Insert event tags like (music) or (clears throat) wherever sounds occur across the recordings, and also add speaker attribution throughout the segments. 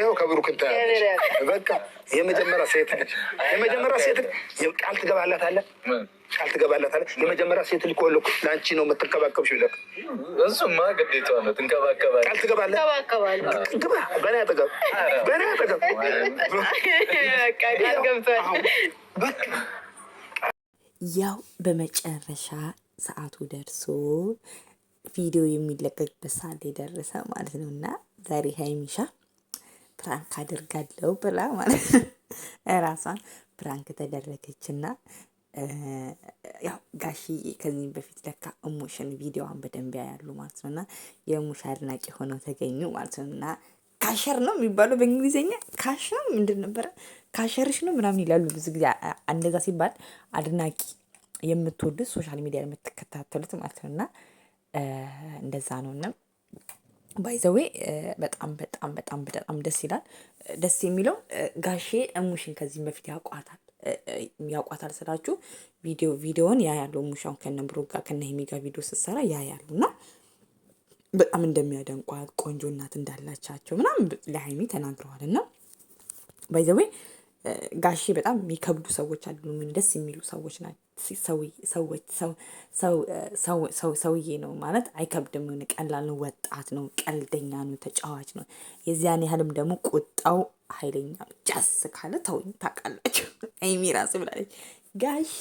Speaker 1: ይኸው ከብሩክ እንታያለች። በቃ የመጀመሪያ ሴት ልጅ የመጀመሪያ ሴት ልጅ ቃል ትገባላታለህ፣ ቃል ትገባላታለህ። የመጀመሪያ ሴት ልጅ ከሆነ ለአንቺ ነው የምትንከባከብሽው ይለቅ።
Speaker 2: እሱማ ግዴታ ነው፣ ትንከባከባለህ።
Speaker 1: ቃል ትገባለህ፣ ግባ በእኔ አጠገብ፣ በእኔ አጠገብ ቃል ገብቷል።
Speaker 2: ያው በመጨረሻ ሰዓቱ ደርሶ ቪዲዮ የሚለቀቅበት ሰዓት የደረሰ ማለት ነው እና ዛሬ ሀይሚሻ ፕራንክ አድርጋለሁ ብላ ማለት ራሷን ፕራንክ ተደረገችና ያው ጋሽዬ ከዚህም በፊት ለካ እሙሽን ቪዲዮዋን በደንብ ያያሉ ማለት ነው እና የእሙሽ አድናቂ ሆነው ተገኙ ማለት ነው እና ካሸር ነው የሚባለው በእንግሊዝኛ ካሽ ነው ምንድን ነበረ ካሸርሽ ነው ምናምን ይላሉ ብዙ ጊዜ እንደዛ ሲባል አድናቂ የምትወዱት ሶሻል ሚዲያ የምትከታተሉት ማለት ነው እና እንደዛ ነው እና ባይዘዌ eh, በጣም በጣም በጣም በጣም ደስ ይላል። eh, ደስ የሚለው eh, ጋሼ እሙሽን ከዚህም በፊት ያውቋታል ያውቋታል ስላችሁ ቪዲዮ ቪዲዮውን ያ ያሉ ሙሻውን ከነ ብሩ ጋር ከነ ሄሚ ጋር ቪዲዮ ስትሰራ ያ ያሉ እና በጣም እንደሚያደንቋት ቆንጆ እናት እንዳላቻቸው ምናምን ለሀይሚ ተናግረዋል። እና ባይዘዌ ጋሼ በጣም የሚከብዱ ሰዎች አሉ፣ ደስ የሚሉ ሰዎች ናቸው። ሰዎች ሰውዬ ነው ማለት አይከብድም። የሆነ ቀላል ነው፣ ወጣት ነው፣ ቀልደኛ ነው፣ ተጫዋች ነው። የዚያን ያህልም ደግሞ ቁጣው ኃይለኛ ጃስ ካለ ተውኝ። ታውቃላችሁ (laughs) አይሚ ራስ ብላለች ጋሺ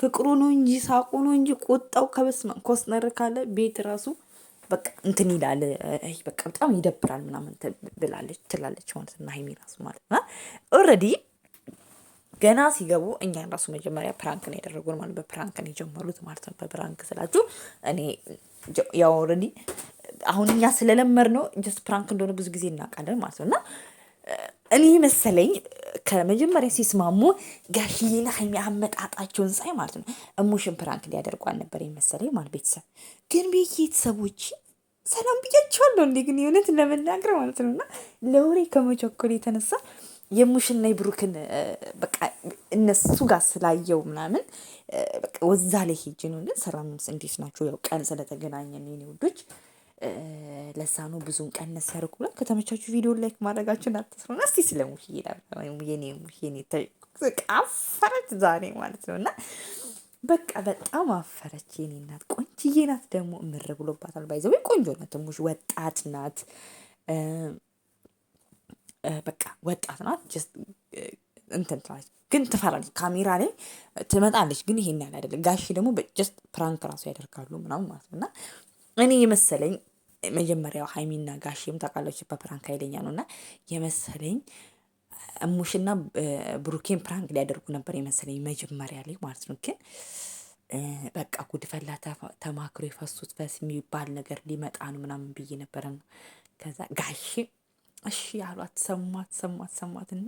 Speaker 2: ፍቅሩ ነው እንጂ ሳቁ ነው እንጂ ቁጣው ከበስመ ኮስነር ካለ ቤት ራሱ በቃ እንትን ይላል። በቃ በጣም ይደብራል ምናምን ብላለች ትላለች ማለት እና ሀይሚ ራሱ ማለት ና ኦልሬዲ ገና ሲገቡ እኛን ራሱ መጀመሪያ ፕራንክን ያደረጉን ማለት በፕራንክን የጀመሩት ማለት ነው። በፕራንክ ስላችሁ እኔ ያው ኦልሬዲ አሁን እኛ ስለለመር ነው ጀስት ፕራንክ እንደሆነ ብዙ ጊዜ እናውቃለን ማለት ነው። እና እኔ መሰለኝ ከመጀመሪያ ሲስማሙ ጋሽዬና ሀይሚ አመጣጣቸውን ሳይ ማለት ነው እሙሽን ፕራንክ ሊያደርጉ አልነበር መሰለኝ ማለት ቤተሰብ ግን ቤተሰቦች ሰላም ብያቸዋለሁ። እንዴ ግን የእውነት ለመናገር ማለት ነው እና ለወሬ ከመቸኮል የተነሳ የሙሽና የብሩክን በቃ እነሱ ጋር ስላየው ምናምን ወዛ ላይ ሄጅ ነው። ግን ሰራምስ እንዴት ናቸው? ያው ቀን ስለተገናኘን የኔ ውዶች፣ ለዛ ነው ብዙን ቀን ነስ ያደርጉ ብላ ከተመቻችሁ ቪዲዮ ላይክ ማድረጋችሁን አትስሩና እስቲ ስለ ሙሽዬ አፈረች ዛሬ ማለት ነው እና በቃ በጣም አፈረች። የኔ ናት ቆንጅዬ ናት ደግሞ እምር ብሎባታል። ባይዘ ቆንጆ ናት፣ ሙሽ ወጣት ናት። በቃ ወጣት ናት እንትን ትላለች፣ ግን ትፈራለች። ካሜራ ላይ ትመጣለች፣ ግን ይሄን ያህል አይደለም። ጋሺ ደግሞ ጀስት ፕራንክ ራሱ ያደርጋሉ ምናምን ማለት ነው እና እኔ የመሰለኝ መጀመሪያው ሀይሚና ጋሼም ታውቃለች በፕራንክ ኃይለኛ ነው እና የመሰለኝ እሙሽና ብሩኬን ፕራንክ ሊያደርጉ ነበር የመሰለኝ መጀመሪያ ላይ ማለት ነው። ግን በቃ ጉድፈላ ተማክሮ የፈሱት ፈስ የሚባል ነገር ሊመጣ ነው ምናምን ብዬ ነበረ ነው ከዛ ጋሼ እሺ ያሏት ሰሟት ሰሟት ሰሟት እና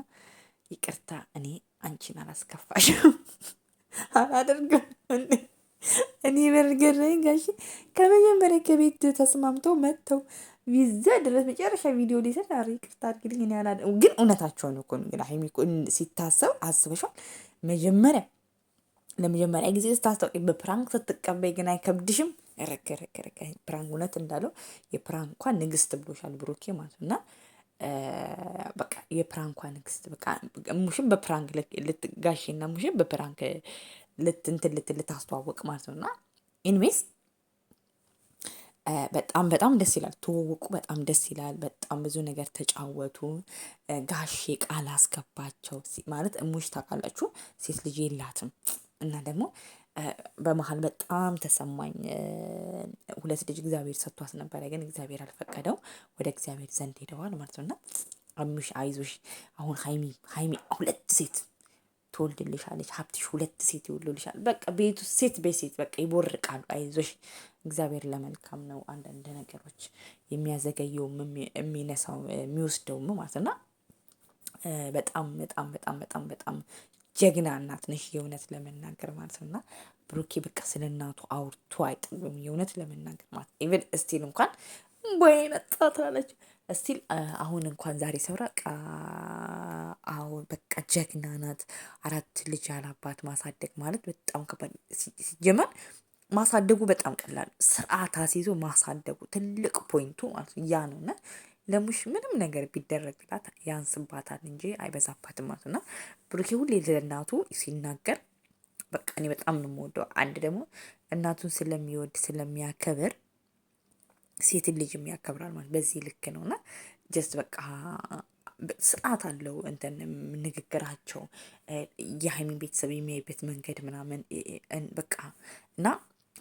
Speaker 2: ይቅርታ እኔ አንቺን አላስከፋሽም (laughs) አላደርግም እንዴ እኔ በርገረኝ ጋሽ ከመጀመሪያ ከቤት ተስማምተው መጥተው ቪዛ ድረስ መጨረሻ ቪዲዮ ሊሰጥ ኧረ ይቅርታ አድርግልኝ እኔ አላደርግም ግን እውነታቸውን እኮ ግን ሀይሚ ሲታሰብ አስበሻል መጀመሪያ ለመጀመሪያ ጊዜ ስታስታውቂ በፕራንክ ስትቀበይ ግን አይከብድሽም ረገረገረገ ፕራንክ እውነት እንዳለው የፕራንኳ ንግስት ብሎሻል ብሩኬ ማለት ነው እና በቃ የፕራንኳ ንግስት በቃ ሙሽን በፕራንክ ና ሙሽን በፕራንክ ልትንትን ልት ልታስተዋወቅ ማለት ነው። እና ኢንዌስ በጣም በጣም ደስ ይላል። ትውውቁ በጣም ደስ ይላል። በጣም ብዙ ነገር ተጫወቱ። ጋሼ ቃል አስገባቸው ማለት ሙሽ ታውቃላችሁ፣ ሴት ልጅ የላትም እና ደግሞ በመሀል በጣም ተሰማኝ ሁለት ልጅ እግዚአብሔር ሰጥቷት ነበረ፣ ግን እግዚአብሔር አልፈቀደው። ወደ እግዚአብሔር ዘንድ ሄደዋል ማለት ነውና፣ አሚሽ አይዞሽ፣ አሁን ሀይሚ ሀይሚ ሁለት ሴት ትወልድልሻለች፣ ሀብትሽ ሁለት ሴት ይወልድልሻል። በቃ ቤቱ ሴት በሴት በቃ ይቦርቃሉ። አይዞሽ፣ እግዚአብሔር ለመልካም ነው። አንዳንድ ነገሮች የሚያዘገየውም የሚነሳው የሚወስደውም ማለት ነው። በጣም በጣም በጣም በጣም በጣም ጀግና እናት ነሽ የእውነት ለመናገር ማለት ነው። እና ብሩኬ በቃ ስለ እናቱ አውርቶ አይጥሉም የእውነት ለመናገር ማለት ነው። ኢቨን እስቲል እንኳን ወይ መጣ ትላለች እስቲል አሁን እንኳን ዛሬ ሰብራ አሁን በቃ ጀግና ናት። አራት ልጅ ያላባት ማሳደግ ማለት በጣም ከባድ ሲጀመር ማሳደጉ በጣም ቀላል ስርዓት አስይዞ ማሳደጉ ትልቅ ፖይንቱ ማለት ያ ነው እና ለሙሽ ምንም ነገር ቢደረግላት ያንስባታል እንጂ አይበዛባትም ማለት ና ብሩኬ ሁሌ ለእናቱ ሲናገር በቃ እኔ በጣም ነው የምወደው። አንድ ደግሞ እናቱን ስለሚወድ ስለሚያከብር ሴትን ልጅም ያከብራል ማለት በዚህ ልክ ነው እና ጀስት በቃ ስርዓት አለው እንትን ንግግራቸው የሀይሚን ቤተሰብ የሚያይበት መንገድ ምናምን በቃ እና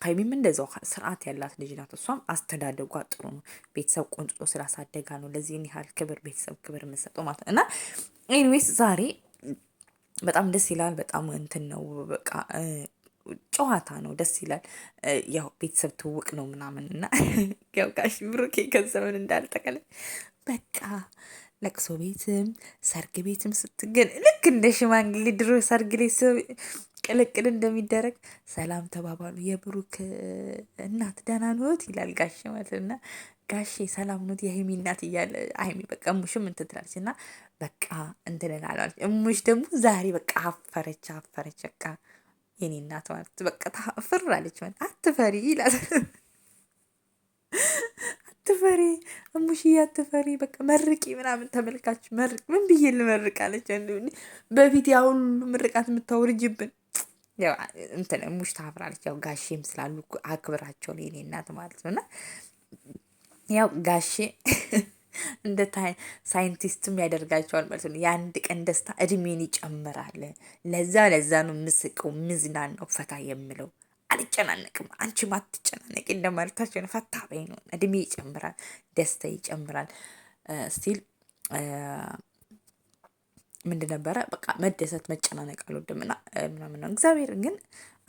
Speaker 2: ሀይሚም እንደዛው ስርዓት ያላት ልጅ ናት። እሷም አስተዳደጓ ጥሩ ነው። ቤተሰብ ቆንጥጦ ስላሳደጋ ነው ለዚህን ያህል ክብር ቤተሰብ ክብር የምንሰጠው ማለት ነው። እና ኤኒዌይስ ዛሬ በጣም ደስ ይላል። በጣም እንትን ነው በቃ ጨዋታ ነው። ደስ ይላል። ያው ቤተሰብ ትውቅ ነው ምናምን እና (laughs) ያው ጋሽ ብሩኬ ገንዘብን እንዳልጠቀለ በቃ ለቅሶ ቤትም ሰርግ ቤትም ስትገን ልክ እንደ ሽማግሌ ድሮ ሰርግ ሌ ቅልቅል እንደሚደረግ ሰላም ተባባሉ። የብሩክ እናት ደህና ኖት ይላል ጋሼ ማለት እና ጋሼ ሰላም ኖት የሀይሚ እናት እያለ ሀይሚ በቃ እሙሽም እንትን ትላለች እና በቃ እንትን እላለች። እሙሽ ደግሞ ዛሬ በቃ አፈረች አፈረች በቃ የኔ እናት ማለት በቃ ታፍር አለች ማለት አትፈሪ ይላል አትፈሪ እሙሽዬ አትፈሪ፣ በቃ መርቂ ምናምን ተመልካች መርቅ። ምን ብዬ ልመርቅ አለች። በፊት ያ ሁሉ ምርቃት የምታወርጅብን እንትን ሙሽ ታፍራለች። ያው ጋሼም ስላሉ አክብራቸው ለኔ እናት ማለት ነው። እና ያው ጋሼ (laughs) እንደ ሳይንቲስትም ያደርጋቸዋል ማለት ነው። የአንድ ቀን ደስታ እድሜን ይጨምራል። ለዛ ለዛ ነው ምስቀው ምዝናን ነው ፈታ የምለው አልጨናነቅም አንቺ ማትጨናነቅ እንደማለታቸው ነው። ፈታ በይ ነው። እድሜ ይጨምራል፣ ደስታ ይጨምራል ስቲል ምንድን ነበረ በቃ መደሰት መጨናነቅ አልወድም እና ምናምን ነው። እግዚአብሔር ግን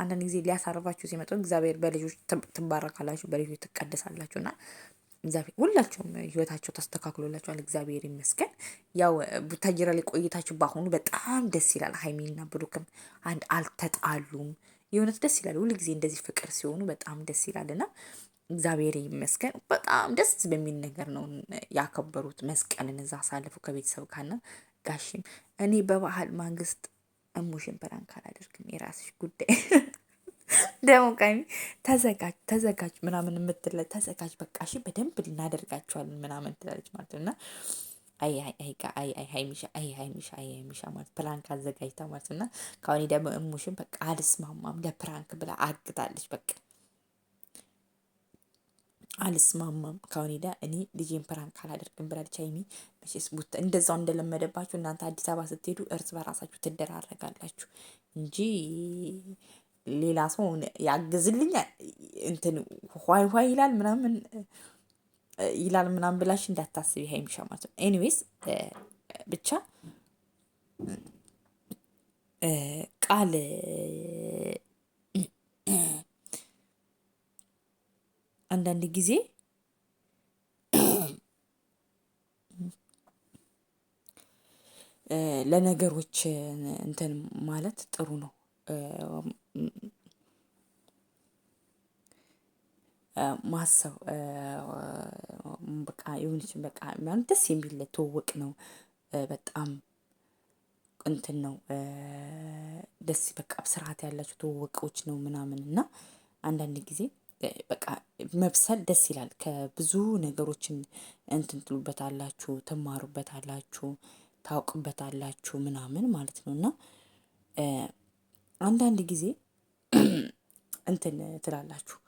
Speaker 2: አንዳንድ ጊዜ ሊያሳርፋችሁ ሲመጡ እግዚአብሔር በልጆች ትባረካላችሁ፣ በልጆች ትቀደሳላችሁ እና እግዚአብሔር ሁላቸውም ህይወታቸው ተስተካክሎላቸዋል። እግዚአብሔር ይመስገን። ያው ቡታጅራ ላይ ቆይታችሁ በአሁኑ በጣም ደስ ይላል። ሀይሚና ብሩክም አንድ አልተጣሉም። የእውነት ደስ ይላል። ሁልጊዜ እንደዚህ ፍቅር ሲሆኑ በጣም ደስ ይላል እና እግዚአብሔር ይመስገን። በጣም ደስ በሚል ነገር ነው ያከበሩት መስቀልን እዛ አሳልፉ ከቤተሰብ ካና ጋሽም እኔ በባህል ማግስት እሙሽን ፕራንክ አላደርግም። የራስሽ ጉዳይ (laughs) ደግሞ ተዘጋጅ ተዘጋጅ ምናምን የምትለ ተዘጋጅ በቃ በደንብ እናደርጋቸዋለን ምናምን ትላለች ማለት ነው። እና ሀይሚሻ ማለት ፕራንክ አዘጋጅታ ማለት እና ከአሁን ደግሞ እሙሽን በቃ አልስማማም ለፕራንክ ብላ አግታለች በቃ አልስማማም ካሁን ሄዳ እኔ ልጄን ፕራንክ አላደርግም ብላለች ሀይሚ። መቼስ ቡታ እንደዛው እንደለመደባችሁ እናንተ አዲስ አበባ ስትሄዱ እርስ በራሳችሁ ትደራረጋላችሁ እንጂ ሌላ ሰው ያግዝልኛ እንትን ዋይ ዋይ ይላል ምናምን ይላል ምናምን ብላሽ እንዳታስቢ ሀይሚሻ ማለት ነው። ኤኒዌይስ ብቻ ቃል አንዳንድ ጊዜ ለነገሮች እንትን ማለት ጥሩ ነው። ማሰብ በቃ የሆነች በቃ ማለት ደስ የሚል ትውውቅ ነው። በጣም እንትን ነው ደስ በቃ ስርዓት ያላቸው ትውውቆች ነው ምናምን እና አንዳንድ ጊዜ በቃ መብሰል ደስ ይላል። ከብዙ ነገሮችን እንትን ትሉበት አላችሁ ትማሩበት አላችሁ ታውቁበት አላችሁ ምናምን ማለት ነው። እና አንዳንድ ጊዜ (clears throat) እንትን ትላላችሁ